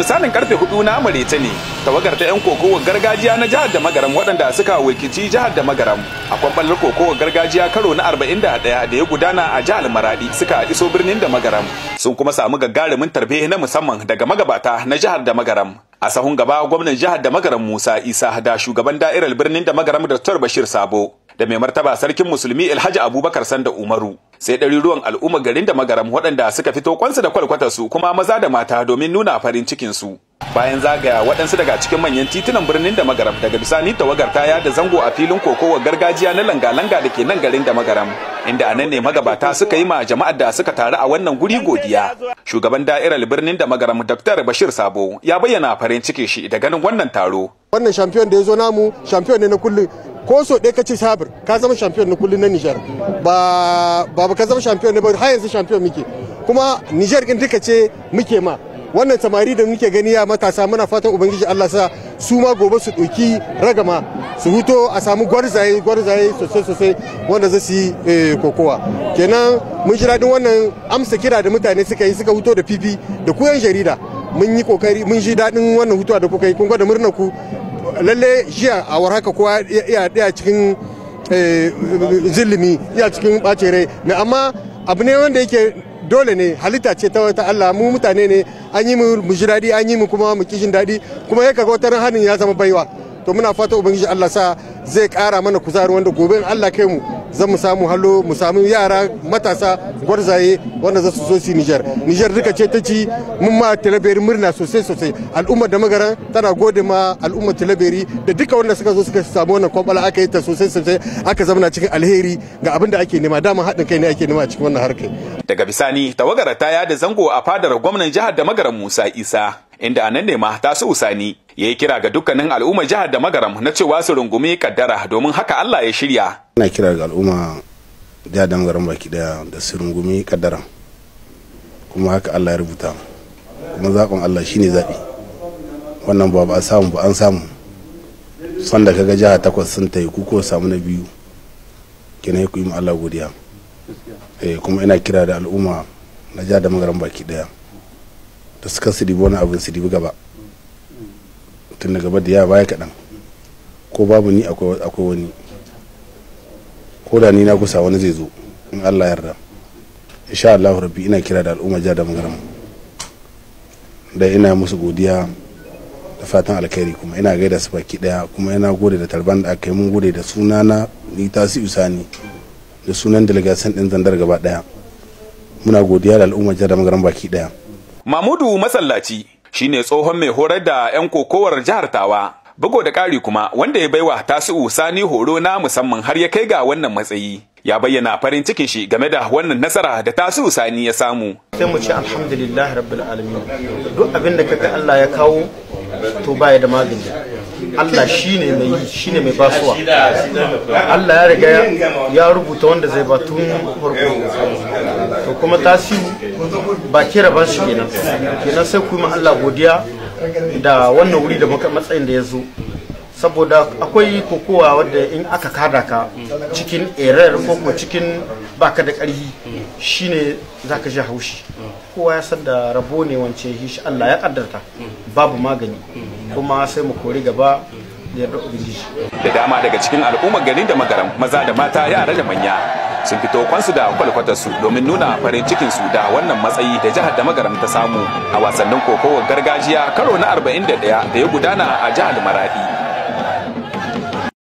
misalin karfe hudu na marece ne tawagar ta 'yan kokowar gargajiya na jihar da magaram waɗanda suka wakilci jihar da magaram a kwamfalar kokowar gargajiya karo na 41 da ya gudana a jihar maradi suka iso birnin da magaram sun kuma samu gagarumin tarbe na musamman daga magabata na jihar da magaram a sahun gaba gwamnan jihar da magaram musa isa da shugaban da'irar birnin da magaram da bashir sabo da mai martaba sarkin musulmi Alhaji Abubakar Sanda Umaru sai ruwan al'umma garin da magaram waɗanda suka fito kwansu da su kuma maza da mata domin nuna farin cikin su bayan zagaya waɗansu daga cikin manyan titunan birnin da magaram daga bisani tawagar ta da zango a filin kokowa gargajiya na langa-langa da ke nan garin da magaram inda a nan ne magabata suka yi ma jama'ar da suka taru a wannan guri godiya shugaban da'irar birnin da magaram dr bashir sabo ya bayyana farin ciki shi da ganin wannan taro wannan champion da ya zo namu champion ne na kullum ko so ɗaya ka ce sabir ka zama champion na kullum na Niger ba ba ka zama champion ne ba har yanzu champion muke kuma Niger din duka ce muke ma wannan samari da muke gani ya matasa muna fatan ubangiji Allah sa su ma gobe su ɗauki ragama su huto a samu gwarzaye gwarzaye sosai sosai wanda za su yi eh, kokowa kenan mun ji daɗin wannan amsa kira da mutane suka yi suka huto da fifi da kuyan jarida mun yi kokari mun ji daɗin wannan hutuwa da kuka yi kun gwada murnar ku lalle jiya a war haka kowa daya cikin eh, zillimi ya cikin bace rai na amma abu ne wanda yake dole ne halitta ce ta wata Allah mu mutane ne an yi mu ji daɗi an yi mu kuma mu kishin daɗi kuma ya kaga wata hannun ya zama baiwa to muna fata ubangiji Allah sa zai kara mana kuzari wanda gobe Allah kai mu zan mu samu halo mu samu yara matasa gwarzaye wanda za su zo su Nijar Nijar duka ce ta ci mun ma talaberi murna sosai sosai al'umma da magara tana gode ma al'umma talaberi da duka wanda suka zo suka samu wannan kwabala aka yi ta sosai sosai aka zama cikin alheri ga abin da ake nema dama haɗin kai ne ake nema a cikin wannan harkar daga bisani tawagara ta da zango a fadar gwamnan jihar da magaran Musa Isa inda anan ne ma ta su usani ya yi kira ga dukkanin al'ummar jihar da magaram na cewa su rungumi kaddara domin haka Allah ya shirya ina kira ga al'umma jihar da magaram baki daya da su rungumi kaddara kuma haka Allah ya rubuta kuma zaɓin Allah shine zaɓi wannan ba ba samu ba an samu sanda kaga jihar takwas sun ta yi kuko samu na biyu kenan ku yi mu Allah godiya eh kuma ina kira da al'umma na jihar da magaram baki daya da suka su wani abin su gaba tun daga gaba da ya baya kaɗan ko babu ni akwai wani ko da ni na kusa wani zai zo in allah yarda insha allah rabbi ina kira da al'umma jihar da magaram da ina musu godiya da fatan alkhairi kuma ina gaida su baki daya kuma ina gode da tarban da aka yi mun gode da sunana ni tasi usani da sunan delegation din zandar gaba daya muna godiya da al'umma jihar da magaram baki daya mamudu masallaci shine tsohon mai horar da 'yan kokowar jihar Tawa. Bugo da ƙari kuma wanda ya baiwa Tasi'u Sani horo na musamman har ya kai ga wannan matsayi. Ya bayyana farin cikin shi game da wannan nasara da Tasi'u Sani ya samu. Sai mu ce alhamdulillah rabbil alamin. Duk abin da kaga Allah ya kawo to baya da magani. Allah shine mai shine mai basuwa. Allah ya riga ya rubuta wanda zai ba tun farko. to kuma tasi ba ke raban shi kenan kenan sai ku yi Allah godiya da wannan wuri da matsayin da ya zo saboda akwai kokowa wadda in aka kada ka cikin erar ko kuma cikin baka da ƙarfi shine zaka ji haushi kowa ya san da rabo ne wance shi Allah ya kaddarta babu magani kuma sai mu kori gaba da ubangiji da dama daga cikin al'umma garin da magaram maza da mata yara da manya sun fito kwansu da kwalkwatarsu domin nuna farin cikinsu da wannan matsayi da jihar da magaram ta samu a wasannin kokowar gargajiya karo na 41 da ya gudana a jihar maradi